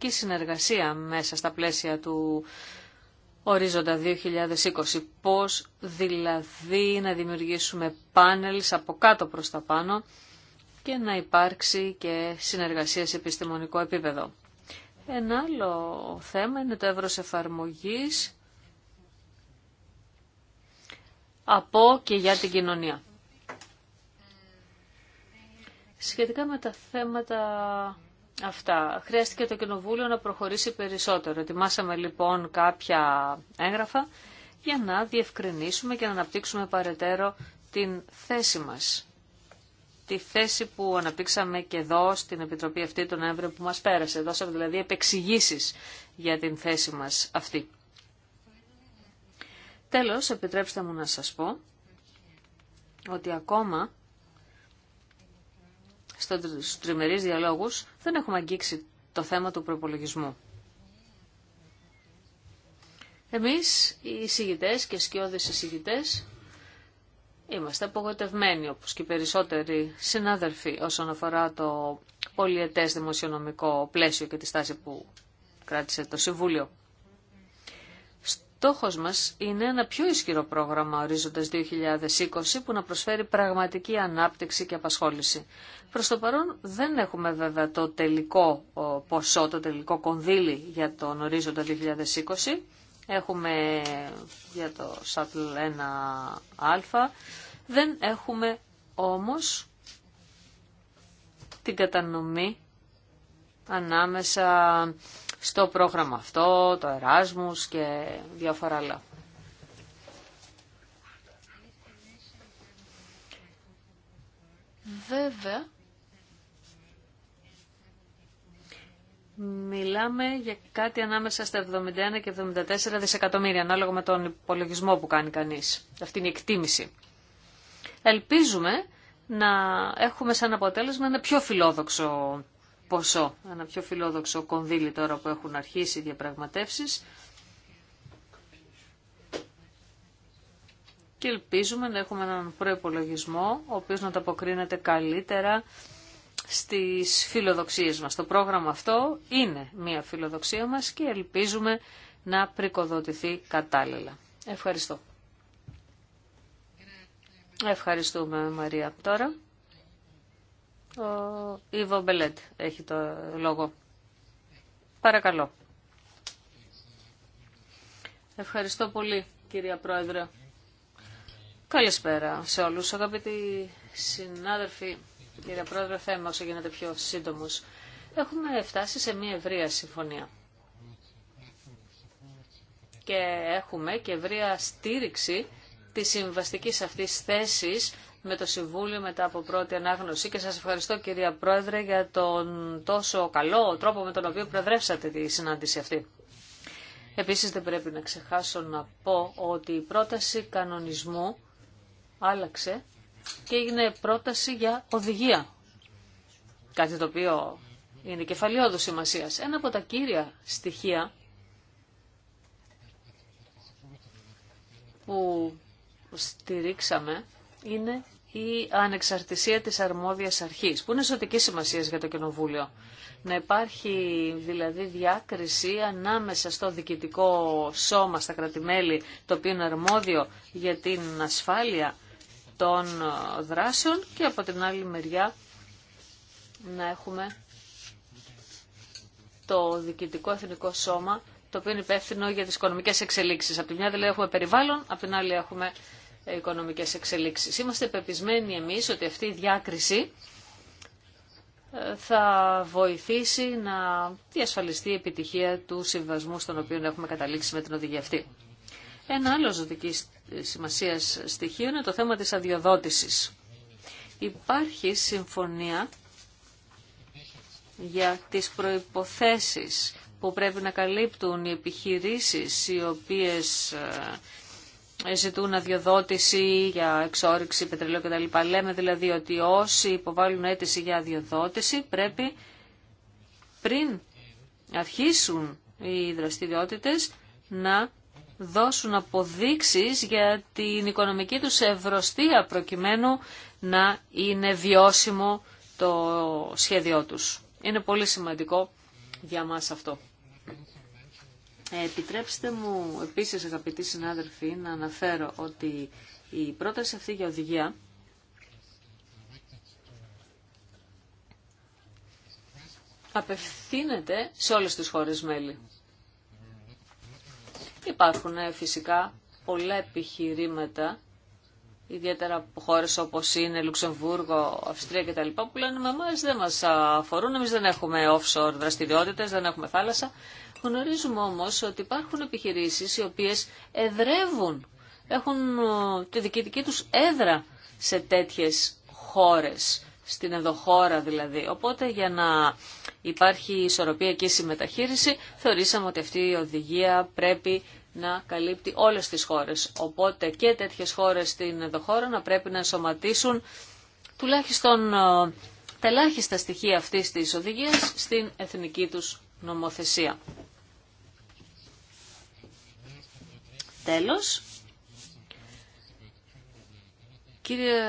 και συνεργασία μέσα στα πλαίσια του ορίζοντα 2020. Πώς δηλαδή να δημιουργήσουμε πάνελς από κάτω προς τα πάνω και να υπάρξει και συνεργασία σε επιστημονικό επίπεδο. Ένα άλλο θέμα είναι το εύρος εφαρμογής από και για την κοινωνία. Σχετικά με τα θέματα Αυτά. Χρειάστηκε το Κοινοβούλιο να προχωρήσει περισσότερο. Ετοιμάσαμε λοιπόν κάποια έγγραφα για να διευκρινίσουμε και να αναπτύξουμε παρετέρω την θέση μας. Τη θέση που αναπτύξαμε και εδώ στην Επιτροπή αυτή τον Νοέμβριο που μας πέρασε. Δώσαμε δηλαδή επεξηγήσεις για την θέση μας αυτή. Τέλος, επιτρέψτε μου να σας πω ότι ακόμα Στου τριμερεί διαλόγους δεν έχουμε αγγίξει το θέμα του προπολογισμού. Εμεί, οι εισηγητέ και σκιώδες εισηγητέ, είμαστε απογοητευμένοι, όπω και οι περισσότεροι συνάδελφοι, όσον αφορά το πολιετέ δημοσιονομικό πλαίσιο και τη στάση που κράτησε το Συμβούλιο. Στόχος μας είναι ένα πιο ισχυρό πρόγραμμα ορίζοντας 2020 που να προσφέρει πραγματική ανάπτυξη και απασχόληση. Προς το παρόν δεν έχουμε βέβαια το τελικό ποσό, το τελικό κονδύλι για τον ορίζοντα 2020. Έχουμε για το ΣΑΤΛ 1α. Δεν έχουμε όμως την κατανομή ανάμεσα στο πρόγραμμα αυτό, το Εράσμους και διάφορα άλλα. Βέβαια, Μιλάμε για κάτι ανάμεσα στα 71 και 74 δισεκατομμύρια, ανάλογα με τον υπολογισμό που κάνει κανείς. Αυτή είναι η εκτίμηση. Ελπίζουμε να έχουμε σαν αποτέλεσμα ένα πιο φιλόδοξο ποσό, ένα πιο φιλόδοξο κονδύλι τώρα που έχουν αρχίσει οι διαπραγματεύσεις. Και ελπίζουμε να έχουμε έναν προϋπολογισμό, ο οποίος να τα αποκρίνεται καλύτερα στις φιλοδοξίες μας. Το πρόγραμμα αυτό είναι μία φιλοδοξία μας και ελπίζουμε να πρικοδοτηθεί κατάλληλα. Ευχαριστώ. Ευχαριστούμε Μαρία. Τώρα ο Ιβο Μπελέτ έχει το λόγο. Παρακαλώ. Ευχαριστώ πολύ, κυρία Πρόεδρε. Καλησπέρα σε όλους. Αγαπητοί συνάδελφοι, κυρία Πρόεδρε, θέμα όσο γίνεται πιο σύντομος. Έχουμε φτάσει σε μια ευρεία συμφωνία. Και έχουμε και ευρεία στήριξη της συμβαστικής αυτής θέσης με το Συμβούλιο μετά από πρώτη ανάγνωση και σας ευχαριστώ κυρία Πρόεδρε για τον τόσο καλό τρόπο με τον οποίο προεδρεύσατε τη συνάντηση αυτή. Επίσης δεν πρέπει να ξεχάσω να πω ότι η πρόταση κανονισμού άλλαξε και έγινε πρόταση για οδηγία. Κάτι το οποίο είναι κεφαλαιόδου σημασία. Ένα από τα κύρια στοιχεία που στηρίξαμε είναι η ανεξαρτησία της αρμόδιας αρχής, που είναι ζωτική σημασία για το Κοινοβούλιο. Να υπάρχει δηλαδή διάκριση ανάμεσα στο διοικητικό σώμα στα κρατημέλη, το οποίο είναι αρμόδιο για την ασφάλεια των δράσεων και από την άλλη μεριά να έχουμε το διοικητικό εθνικό σώμα, το οποίο είναι υπεύθυνο για τις οικονομικές εξελίξεις. Από τη μια δηλαδή έχουμε περιβάλλον, από την άλλη έχουμε οικονομικές εξελίξεις. Είμαστε πεπισμένοι εμείς ότι αυτή η διάκριση ε, θα βοηθήσει να διασφαλιστεί η επιτυχία του συμβασμού στον οποίο έχουμε καταλήξει με την οδηγία αυτή. Ένα άλλο ζωτική σημασία στοιχείο είναι το θέμα της αδειοδότησης. Υπάρχει συμφωνία για τις προϋποθέσεις που πρέπει να καλύπτουν οι επιχειρήσεις οι οποίες ε, ζητούν αδειοδότηση για εξόριξη πετρελαίου κτλ. Λέμε δηλαδή ότι όσοι υποβάλλουν αίτηση για αδειοδότηση πρέπει πριν αρχίσουν οι δραστηριότητες να δώσουν αποδείξεις για την οικονομική τους ευρωστία προκειμένου να είναι βιώσιμο το σχέδιό τους. Είναι πολύ σημαντικό για μας αυτό. Επιτρέψτε μου επίσης αγαπητοί συνάδελφοι να αναφέρω ότι η πρόταση αυτή για οδηγία απευθύνεται σε όλες τις χώρες μέλη. Υπάρχουν ε, φυσικά πολλά επιχειρήματα ιδιαίτερα από χώρε όπω είναι Λουξεμβούργο, Αυστρία κτλ. που λένε με εμά δεν μα αφορούν, εμεί δεν έχουμε offshore δραστηριότητε, δεν έχουμε θάλασσα. Γνωρίζουμε όμω ότι υπάρχουν επιχειρήσει οι οποίε εδρεύουν, έχουν ε, τη διοικητική του έδρα σε τέτοιε χώρε, στην εδωχώρα δηλαδή. Οπότε για να υπάρχει ισορροπία και συμμεταχείριση, θεωρήσαμε ότι αυτή η οδηγία πρέπει να καλύπτει όλες τις χώρες. Οπότε και τέτοιες χώρες στην ενδοχώρα να πρέπει να ενσωματήσουν τουλάχιστον ε, τα ελάχιστα στοιχεία αυτής της οδηγίας στην εθνική τους νομοθεσία. Τέλος, κύριε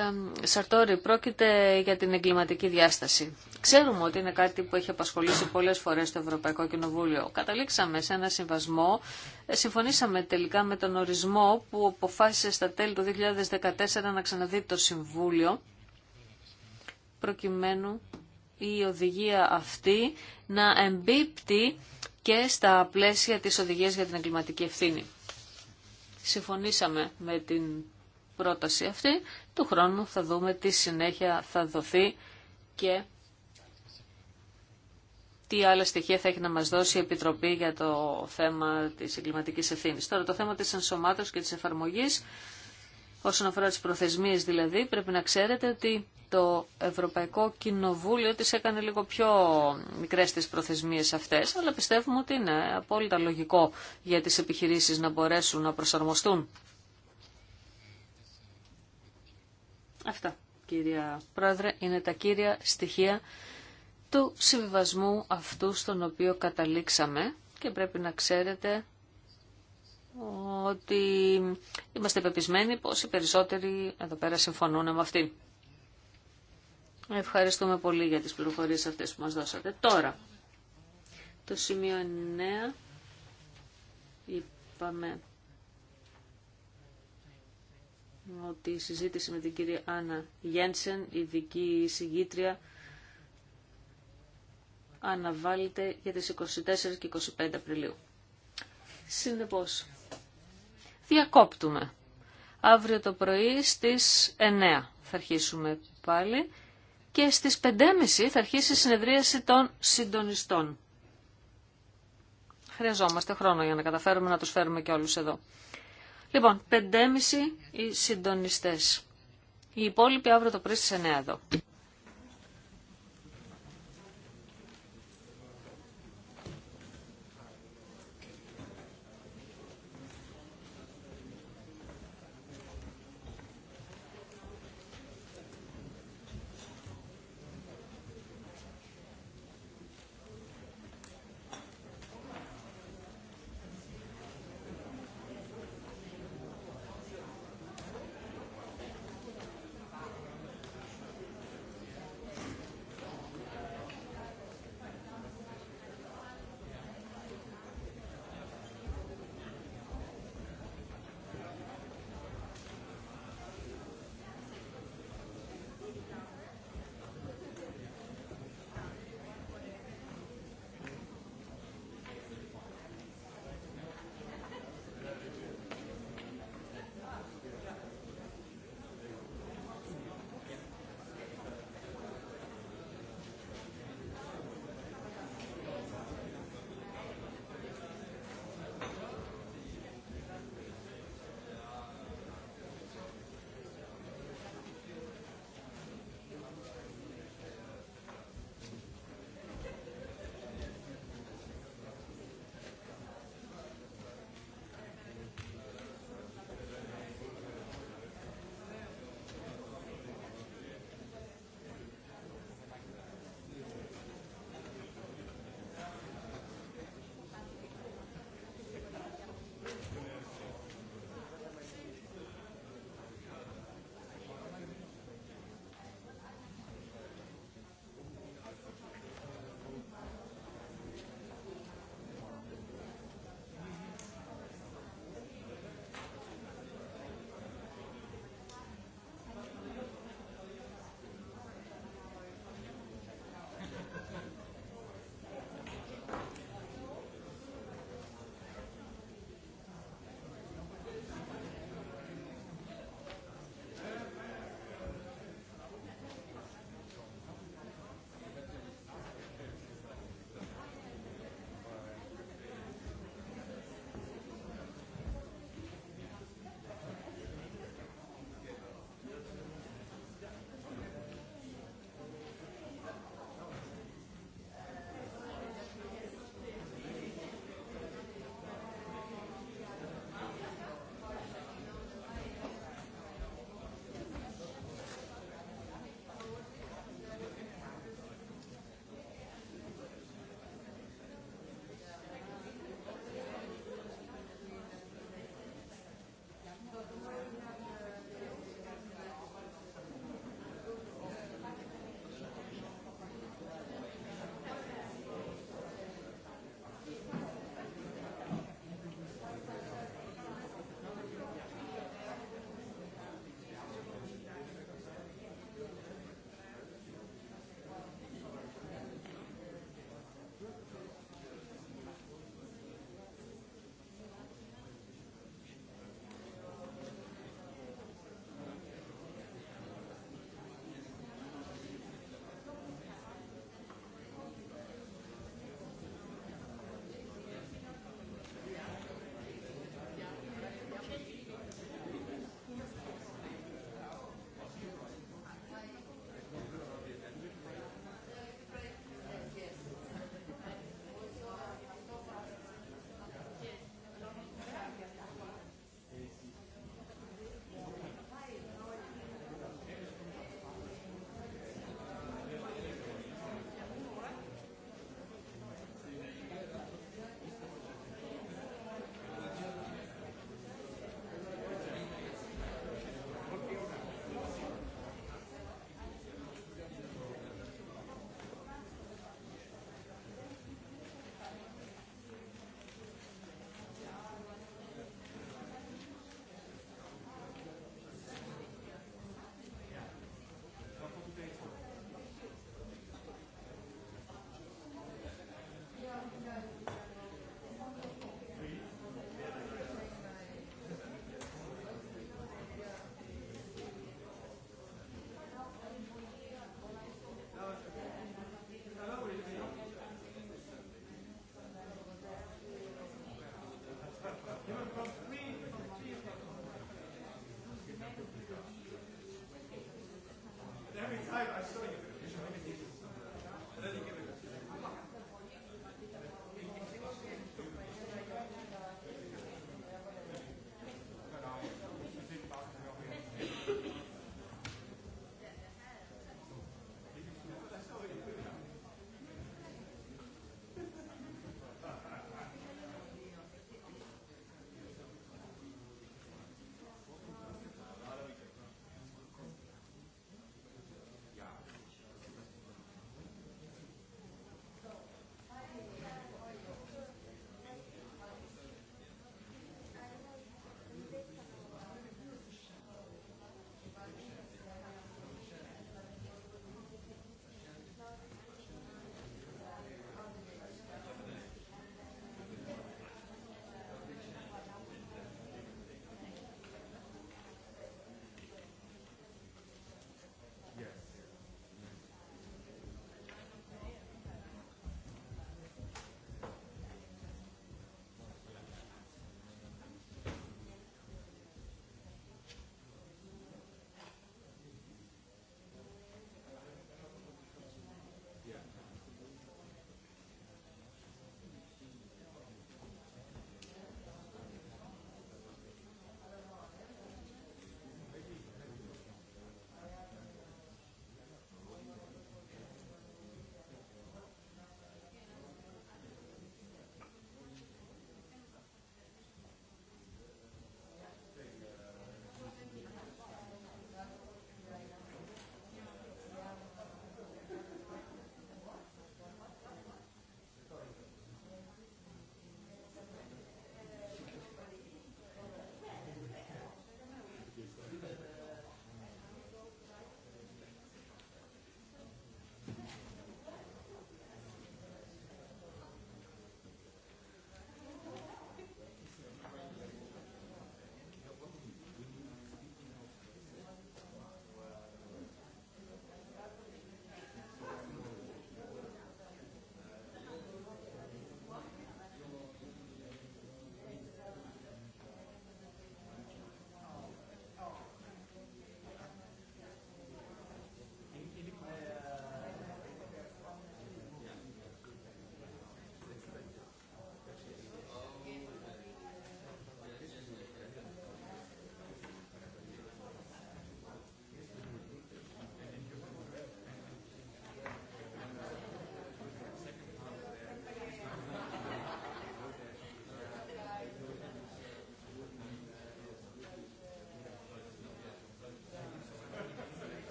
Σαρτόρη, πρόκειται για την εγκληματική διάσταση. Ξέρουμε ότι είναι κάτι που έχει απασχολήσει πολλές φορές το Ευρωπαϊκό Κοινοβούλιο. Καταλήξαμε σε ένα συμβασμό, ε, συμφωνήσαμε τελικά με τον ορισμό που αποφάσισε στα τέλη του 2014 να ξαναδεί το Συμβούλιο, προκειμένου η οδηγία αυτή να εμπίπτει και στα πλαίσια της οδηγίας για την εγκληματική ευθύνη. Συμφωνήσαμε με την πρόταση αυτή. Του χρόνου θα δούμε τι συνέχεια θα δοθεί και τι άλλα στοιχεία θα έχει να μας δώσει η Επιτροπή για το θέμα της εγκληματικής ευθύνης. Τώρα το θέμα της ενσωμάτωσης και της εφαρμογής, όσον αφορά τις προθεσμίες δηλαδή, πρέπει να ξέρετε ότι το Ευρωπαϊκό Κοινοβούλιο τις έκανε λίγο πιο μικρές τις προθεσμίες αυτές, αλλά πιστεύουμε ότι είναι απόλυτα λογικό για τις επιχειρήσεις να μπορέσουν να προσαρμοστούν. Αυτά, κυρία Πρόεδρε, είναι τα κύρια στοιχεία του συμβιβασμού αυτού στον οποίο καταλήξαμε και πρέπει να ξέρετε ότι είμαστε πεπισμένοι πως οι περισσότεροι εδώ πέρα συμφωνούν με αυτή. Ευχαριστούμε πολύ για τις πληροφορίες αυτές που μας δώσατε. Τώρα, το σημείο 9, είπαμε ότι η συζήτηση με την κυρία Άννα Γένσεν, ειδική συγγήτρια, αναβάλλεται για τις 24 και 25 Απριλίου. Συνεπώς, διακόπτουμε. Αύριο το πρωί στις 9 θα αρχίσουμε πάλι και στις 5.30 θα αρχίσει η συνεδρίαση των συντονιστών. Χρειαζόμαστε χρόνο για να καταφέρουμε να τους φέρουμε και όλους εδώ. Λοιπόν, 5.30 οι συντονιστές. Οι υπόλοιποι αύριο το πρωί στις 9 εδώ.